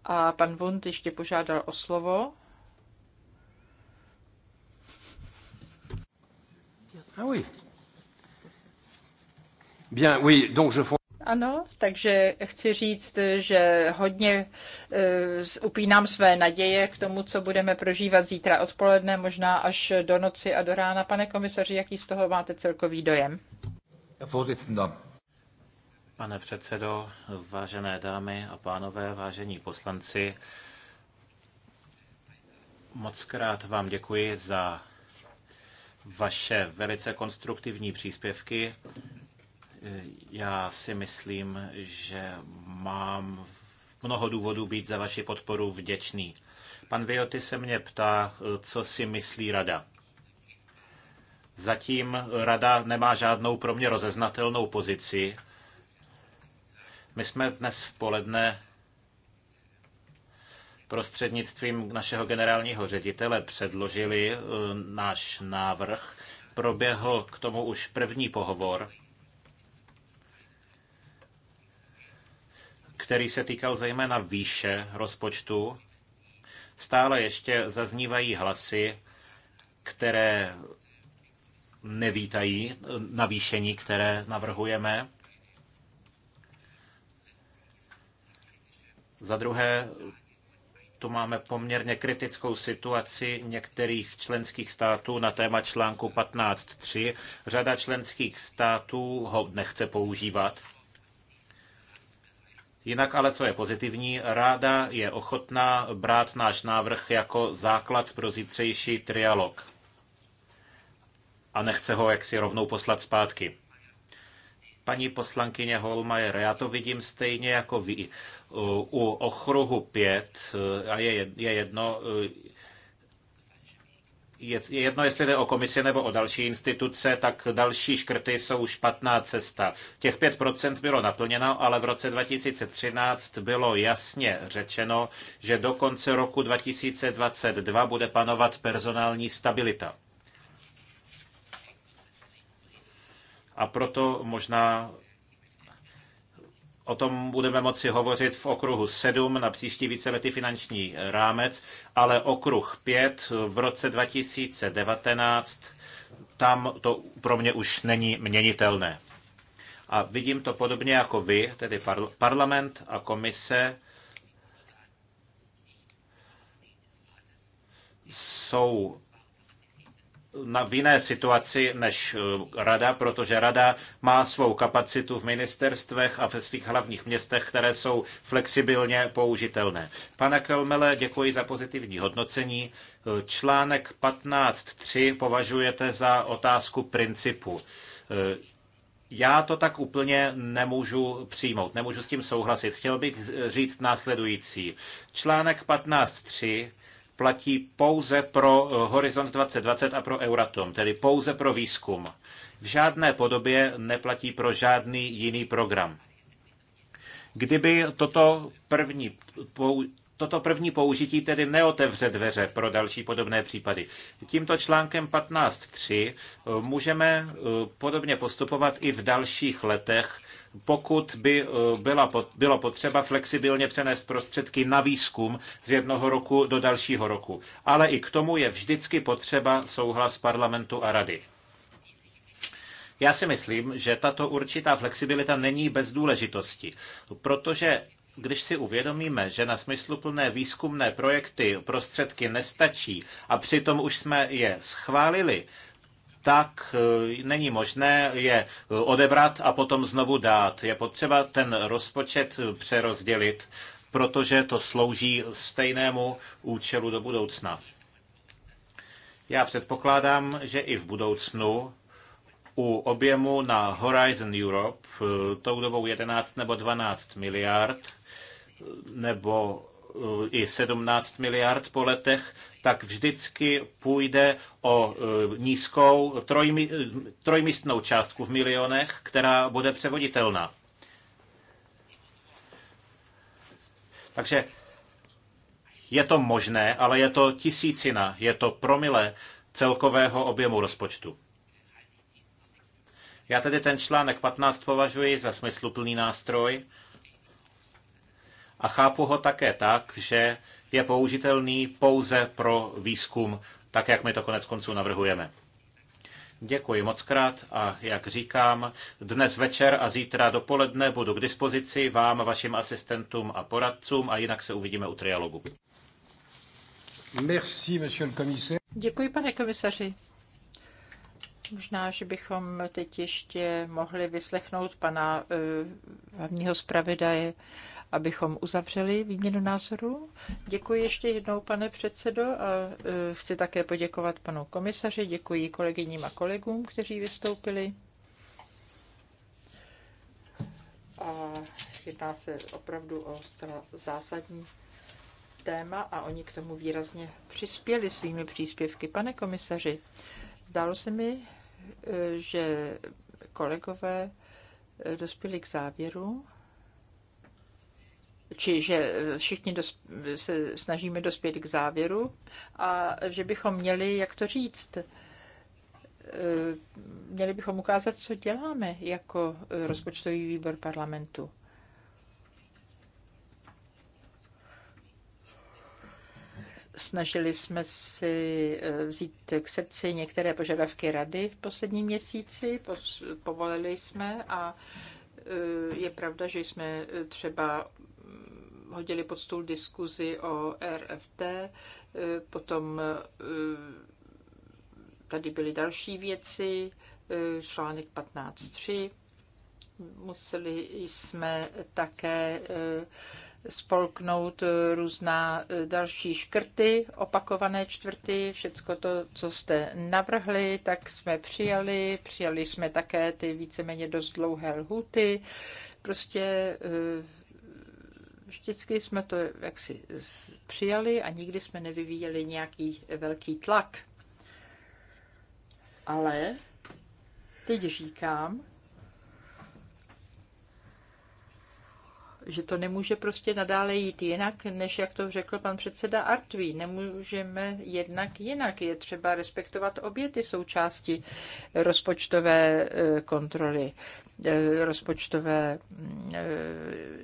A pan Wund ještě požádal o slovo. Ah oui. Bien, oui, donc je fond... Ano, takže chci říct, že hodně uh, upínám své naděje k tomu, co budeme prožívat zítra odpoledne, možná až do noci a do rána. Pane komisaři, jaký z toho máte celkový dojem? Pane předsedo, vážené dámy a pánové, vážení poslanci, moc krát vám děkuji za vaše velice konstruktivní příspěvky já si myslím, že mám mnoho důvodů být za vaši podporu vděčný. Pan Vioty se mě ptá, co si myslí rada. Zatím rada nemá žádnou pro mě rozeznatelnou pozici. My jsme dnes v poledne prostřednictvím našeho generálního ředitele předložili eh, náš návrh. Proběhl k tomu už první pohovor který se týkal zejména výše rozpočtu, stále ještě zaznívají hlasy, které nevítají navýšení, které navrhujeme. Za druhé, tu máme poměrně kritickou situaci některých členských států na téma článku 15.3. Řada členských států ho nechce používat Jinak ale, co je pozitivní, ráda je ochotná brát náš návrh jako základ pro zítřejší trialog. A nechce ho jaksi rovnou poslat zpátky. Paní poslankyně Holmajer, já to vidím stejně jako vy. U okruhu 5 eh, a je jedno, eh, je jedno, jestli jde o komisi nebo o další instituce, tak další škrty jsou špatná cesta. Těch 5% bylo naplněno, ale v roce 2013 bylo jasně řečeno, že do konce roku 2022 bude panovat personální stabilita. A proto možná O tom budeme moci hovořit v okruhu 7 na příští víceletý finanční rámec, ale okruh 5 v roce 2019, tam to pro mě už není měnitelné. A vidím to podobně jako vy, tedy parl- parlament a komise jsou na, v jiné situaci než eh, rada, protože rada má svou kapacitu v ministerstvech a ve svých hlavních městech, které jsou flexibilně použitelné. Pane Kelmele, děkuji za pozitivní hodnocení. Eh, článek 15.3 považujete za otázku principu. Eh, já to tak úplně nemůžu přijmout, nemůžu s tím souhlasit. Chtěl bych říct následující. Článek 15.3 platí pouze pro eh, Horizont 2020 a pro Euratom, tedy pouze pro výzkum. V žádné podobě neplatí pro žádný jiný program. Kdyby toto první toto první použití tedy neotevře dveře pro další podobné případy. Tímto článkem 15.3 eh, můžeme eh, podobně postupovat i v dalších letech, pokud by eh, byla, bylo potřeba flexibilně přenést prostředky na výzkum z jednoho roku do dalšího roku. Ale i k tomu je vždycky potřeba souhlas parlamentu a rady. Já si myslím, že tato určitá flexibilita není bez důležitosti, protože když si uvědomíme, že na smysluplné výzkumné projekty prostředky nestačí a přitom už jsme je schválili, tak e, není možné je e, odebrat a potom znovu dát. Je potřeba ten rozpočet e, přerozdělit, protože to slouží stejnému účelu do budoucna. Já předpokládám, že i v budoucnu u objemu na Horizon Europe, tou dobou 11 nebo 12 miliard, nebo eh, i 17 miliard po letech, tak vždycky půjde o eh, nízkou trojmi, eh, trojmístnou částku v milionech, která bude převoditelná. Takže je to možné, ale je to tisícina, je to promile celkového objemu rozpočtu. Já tedy ten článek 15 považuji za smysluplný nástroj, a chápu ho také tak, že je použitelný pouze pro výzkum, tak jak my to konec konců navrhujeme. Děkuji moc krát a jak říkám, dnes večer a zítra dopoledne budu k dispozici vám, vašim asistentům a poradcům a jinak se uvidíme u trialogu. Merci, Děkuji, pane komisaři. Možná, že bychom teď ještě mohli vyslechnout pana eh, hlavního zpravidaje, abychom uzavřeli výměnu názorů. Děkuji ještě jednou, pane předsedo, a eh, chci také poděkovat panu komisaři, děkuji kolegyním a kolegům, kteří vystoupili. A jedná se opravdu o zcela zásadní téma a oni k tomu výrazně přispěli svými příspěvky. Pane komisaři, Zdálo se mi, že kolegové eh, dospěli k závěru, či že všichni se snažíme dospět k závěru a že bychom měli, jak to říct, eh, měli bychom ukázat, co děláme jako rozpočtový výbor parlamentu. Snažili jsme si eh, vzít k srdci některé požadavky rady v posledním měsíci, povolili jsme a eh, je pravda, že jsme eh, třeba hm, hodili pod stůl diskuzi o RFT, potom tady byly další věci, článek 15.3. Museli jsme také spolknout eh, různá eh, další škrty, opakované čtvrty, všecko to, co jste navrhli, tak jsme přijali. Přijali jsme také ty víceméně dost dlouhé lhuty. Prostě eh, vždycky jsme to jaksi přijali a nikdy jsme nevyvíjeli nějaký velký tlak. Ale teď říkám, že to nemůže prostě nadále jít jinak, než jak to řekl pan předseda Artví. Nemůžeme jednak jinak. Je třeba respektovat obě ty součásti rozpočtové eh, kontroly. Eh, rozpočtové eh,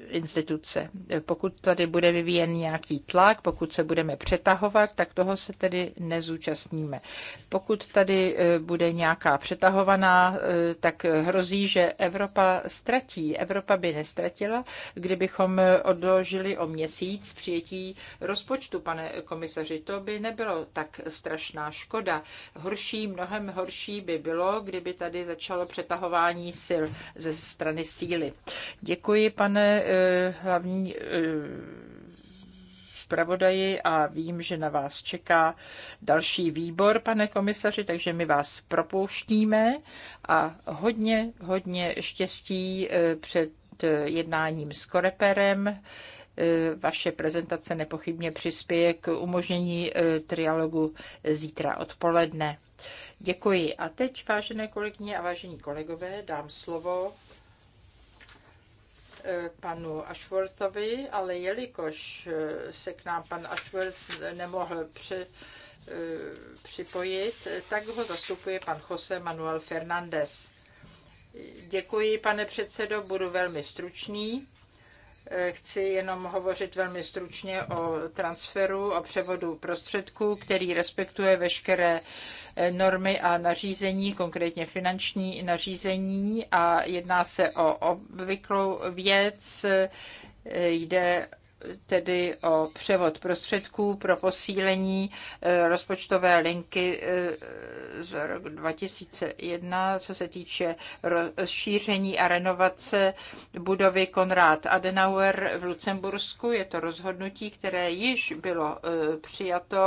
instituce. Pokud tady bude vyvíjen nějaký tlak, pokud se budeme přetahovat, tak toho se tedy nezúčastníme. Pokud tady eh, bude nějaká přetahovaná, tak hrozí, že Evropa ztratí. Evropa by nestratila, kdybychom odložili o měsíc přijetí rozpočtu, pane komisaři. To by nebylo tak strašná škoda. Horší, mnohem horší by bylo, kdyby tady začalo přetahování sil ze strany síly. Děkuji, pane eh, hlavní eh, zpravodaji a vím, že na vás čeká další výbor, pane komisaři, takže my vás propouštíme a hodně, hodně štěstí eh, před jednáním s Koreperem. Vaše prezentace nepochybně přispěje k umožnění trialogu zítra odpoledne. Děkuji. A teď, vážené kolegyně a vážení kolegové, dám slovo eh, panu Ashworthovi, ale jelikož eh, se k nám pan Ashworth nemohl při, eh, připojit, tak ho zastupuje pan Jose Manuel Fernández. Děkuji, pane předsedo, budu velmi stručný. Eh, chci jenom hovořit velmi stručně o transferu, o převodu prostředků, který respektuje veškeré eh, normy a nařízení, konkrétně finanční nařízení a jedná se o obvyklou věc. Eh, jde tedy o převod prostředků pro posílení eh, rozpočtové linky eh, z roku 2001, co se týče rozšíření a renovace budovy Konrad Adenauer v Lucembursku. Je to rozhodnutí, které již bylo eh, přijato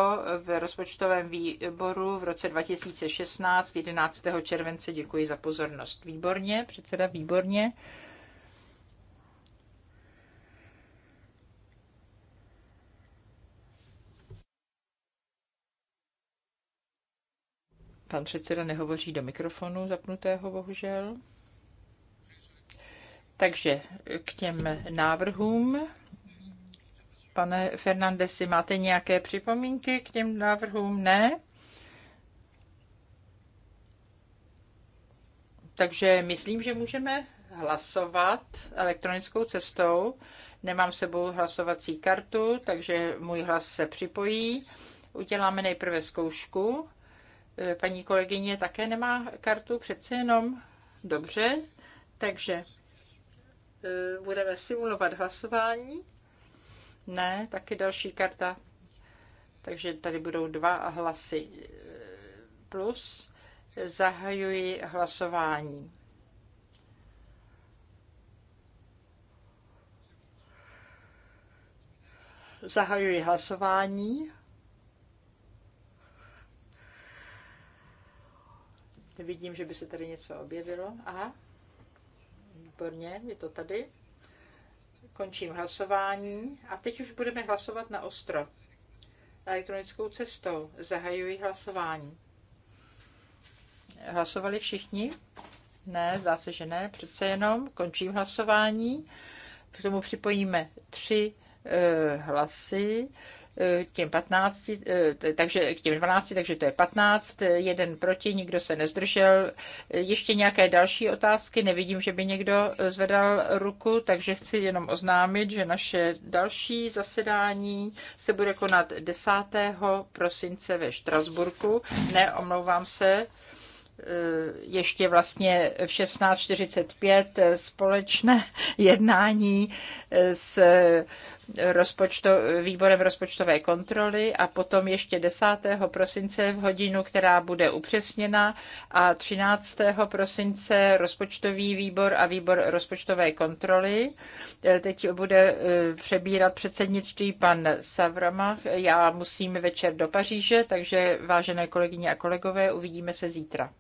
v rozpočtovém výboru v roce 2016, 11. července. Děkuji za pozornost. Výborně, předseda, výborně. Pan předseda nehovoří do mikrofonu zapnutého, bohužel. Takže k těm návrhům. Pane Fernandesi, máte nějaké připomínky k těm návrhům? Ne? Takže myslím, že můžeme hlasovat elektronickou cestou. Nemám sebou hlasovací kartu, takže můj hlas se připojí. Uděláme nejprve zkoušku Paní kolegyně také nemá kartu, přece jenom. Dobře, takže e, budeme simulovat hlasování. Ne, taky další karta. Takže tady budou dva hlasy e, plus. Zahajuji hlasování. Zahajuji hlasování. Vidím, že by se tady něco objevilo. Aha, výborně, je to tady. Končím hlasování a teď už budeme hlasovat na ostro. Elektronickou cestou zahajuji hlasování. Hlasovali všichni? Ne, zdá se, že ne. Přece jenom končím hlasování. K tomu připojíme tři e, hlasy. E, Eh, těm 15, eh, takže k těm 12, takže to je 15, jeden proti, nikdo se nezdržel. Eh, ještě nějaké další otázky? Nevidím, že by někdo zvedal ruku, takže chci jenom oznámit, že naše další zasedání se bude konat 10. prosince ve Štrasburku. Ne, omlouvám se, ještě vlastně v 16.45 společné jednání s rozpočto, výborem rozpočtové kontroly a potom ještě 10. prosince v hodinu, která bude upřesněna a 13. prosince rozpočtový výbor a výbor rozpočtové kontroly. Teď bude e, přebírat předsednictví pan Savramach. Já musím večer do Paříže, takže vážené kolegyně a kolegové, uvidíme se zítra.